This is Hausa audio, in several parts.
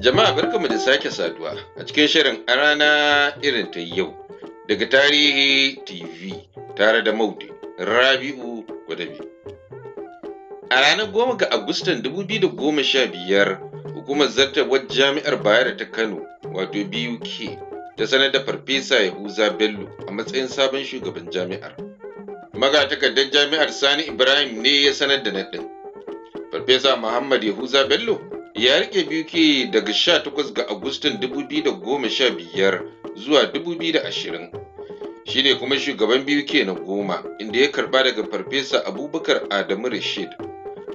Jama'a mu da sake saduwa a cikin shirin a rana irin ta yau daga tarihi TV tare da Maudi Rabi'u Gwadabi. A ranar goma ga Agustan 2015 hukumar zartawar jami'ar Bayero ta Kano wato BUK ta sanar da Farfesa Yahuza Bello a matsayin sabon shugaban jami'ar. Magatakardar jami'ar Sani Ibrahim ne ya sanar da naɗin. Farfesa Muhammad Yahuza Bello ya rike BK daga 18 ga Agustan 2015 zuwa 2020. Shi ne kuma shugaban BK na goma inda ya karba daga Farfesa Abubakar Adamu Rashid.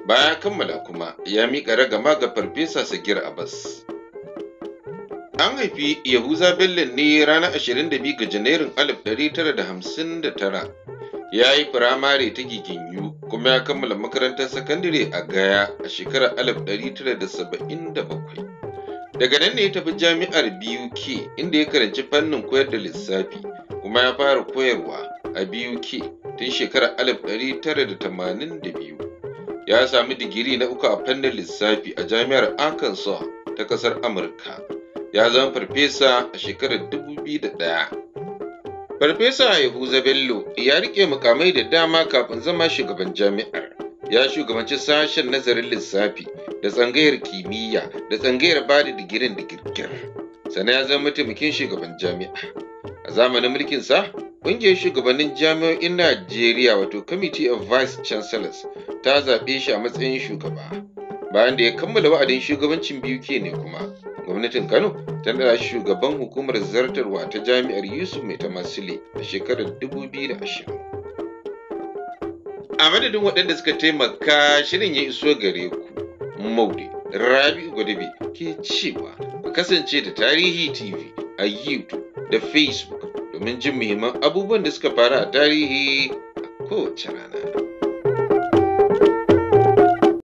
baya kammala kuma ya miƙa ragama ga Farfesa Sagir Abbas. An haifi Yahuza Bello ne ranar 22 ga Janairun 1959. Ya yi firamare ta Giginyu kuma ya kammala makarantar sakandare a Gaya a shekarar 1977. Daga nan ne ya tafi jami'ar BUK inda ya karanci fannin koyar da lissafi kuma ya fara koyarwa a BUK tun shekarar 1982. Ya sami digiri na uku a fannin lissafi a jami'ar Arkansas ta ƙasar Amurka. Ya zama farfesa a shekarar 2001. Farfesa Yahuza Bello ya rike mukamai da dama kafin zama shugaban jami'ar. Ya shugabanci sashen nazarin lissafi da tsangayar kimiyya da tsangayar bada digirin da girgir. Sana ya zama mataimakin shugaban jami'a. A zamanin mulkin sa, ƙungiyar shugabannin jami'o'in Najeriya wato Committee of Vice Chancellors ta zaɓe shi a matsayin shugaba. Bayan da ya kammala wa'adin shugabancin biyu ke ne kuma. gwamnatin kano ta nada shugaban hukumar zartarwa ta jami'ar yusuf mai tamasile a shekarar 2020 a madadin waɗanda suka taimaka shirin ya iso gare ku maude rabi gwadabe ke cewa ku kasance da tarihi tv a youtube da facebook domin jin muhimman abubuwan da suka faru a tarihi a kowace rana